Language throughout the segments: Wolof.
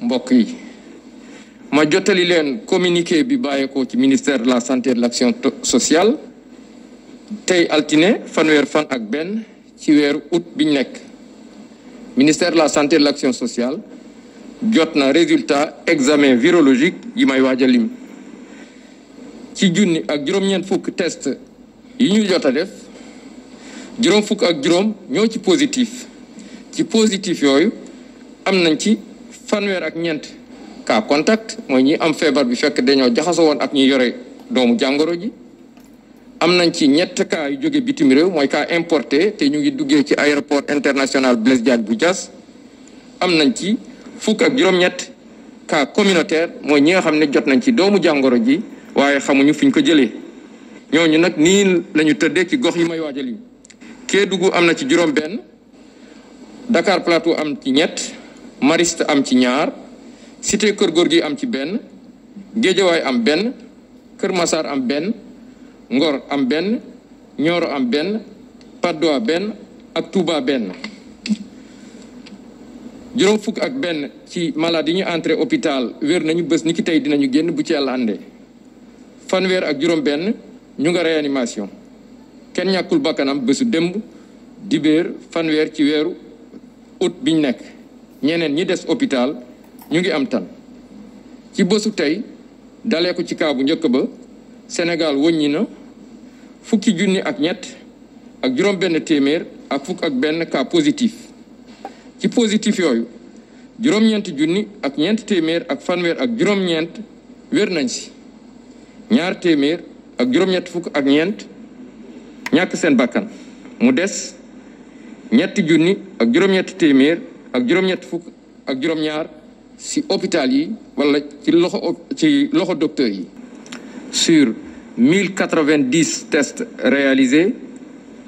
mbokk yi ma jotali leen communiqué bi bàyyeekoo ci ministère de la santé et de l'action sociale tey altine fanweer fan ak benn ci weeru août biñ nekk ministère de la santé de l'action sociale jot na résultat examen virologique yi may waaj a lim ci junni ak juróom fukk test yi ñu jot a def juróom fukk ak juróom ñoo ci positif ci positif yooyu am nañ ci fanweer ak ñeent cas contact mooy ñi am feebar bi fekk dañoo jaxasoo woon ak ñi yore doomu jàngoro ji am nañ ci ñett cas yu jóge bitim réew mooy cas importé te ñu ngi duggee ci aéroport international Blaise Diagne bu Diass am nañ ci fukk ak juróom-ñett cas communautaire mooy ñi nga xam ne jot nañ ci doomu jàngoro ji waaye xamuñu fi ñu ko jëlee ñooñu nag nii lañu ñu tëddee ci gox yi may waajal yi Kédougou am na ci juróom benn Dakar Plateau am ci ñett Mariste am ci ñaar Cité Kër gi am ci benn Géejawaay am benn Kër Massar am benn Ngor am benn Nioro am benn Patte benn ak Touba benn juróom fukk ak benn ci malade yi ñu entré hôpital wér nañu bés ni ki tey dinañu génn bu ci yàlla fanweer ak juróom benn ñu nga réanimation kenn ñàkkul bakkanam bésu démb dibéer fanweer ci weeru août biñ nekk ñeneen ñi des hôpital ñu ngi am tan ci bésu tey dalee ko ci kaabu njëkk ba senegal wëññi na fukki junni ak ñett ak juróom benn téeméer ak fukk ak benn cas positif ci positif yooyu juróom-ñeent junni ak ñeent téeméer ak juróom wér nañ si ñaar ak juróom-ñett fukk ak ñeent ñàkk seen bakkan mu des ñetti junni ak juróom-ñetti téeméer ak juróom-ñett fukk ak juróom si hôpital yi wala ci loxo ci loxo docteur yi sur 1090 tests réalisés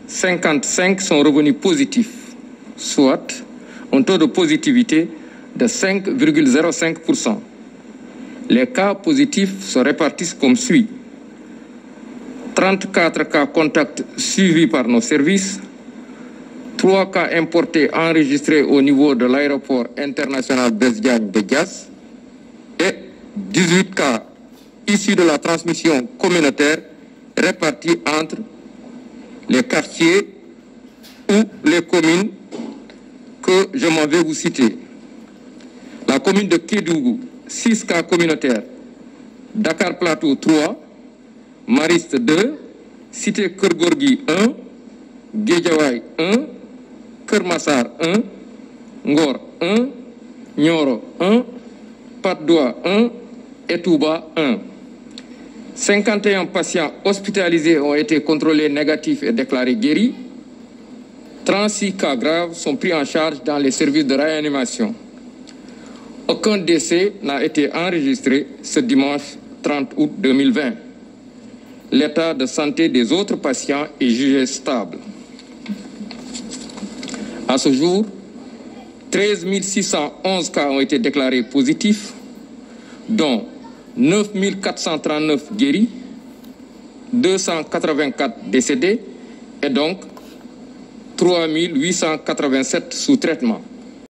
55 sont revenus positifs soit un taux de positivité de 5,05%. Les cas positifs se répartissent comme suit. 34 cas contacts suivis par nos services, Trois cas importés enregistrés au niveau de l'aéroport international Blaise Diagne de Diass et 18 cas issus de la transmission communautaire répartis entre les quartiers ou les communes que je m'en vais vous citer. La commune de Kédougou, 6 cas communautaires. Dakar Plateau, 3. Mariste, 2. Cité Kergorgi, 1. Kër Massar 1 Ngor 1 Nioro 1 Patte d'Oie 1 et Touba 1. 51 patients hospitalisés ont été contrôlés négatifs et déclarés guéris. 36 cas graves sont pris en charge dans les services de réanimation. Aucun décès n'a été enregistré ce dimanche 30 août 2020. L'état de santé des autres patients est jugé stable. À ce jour, 13 611 cas ont été déclarés positifs, dont 9 439 guéris, 284 décédés et donc 3 887 sous traitement.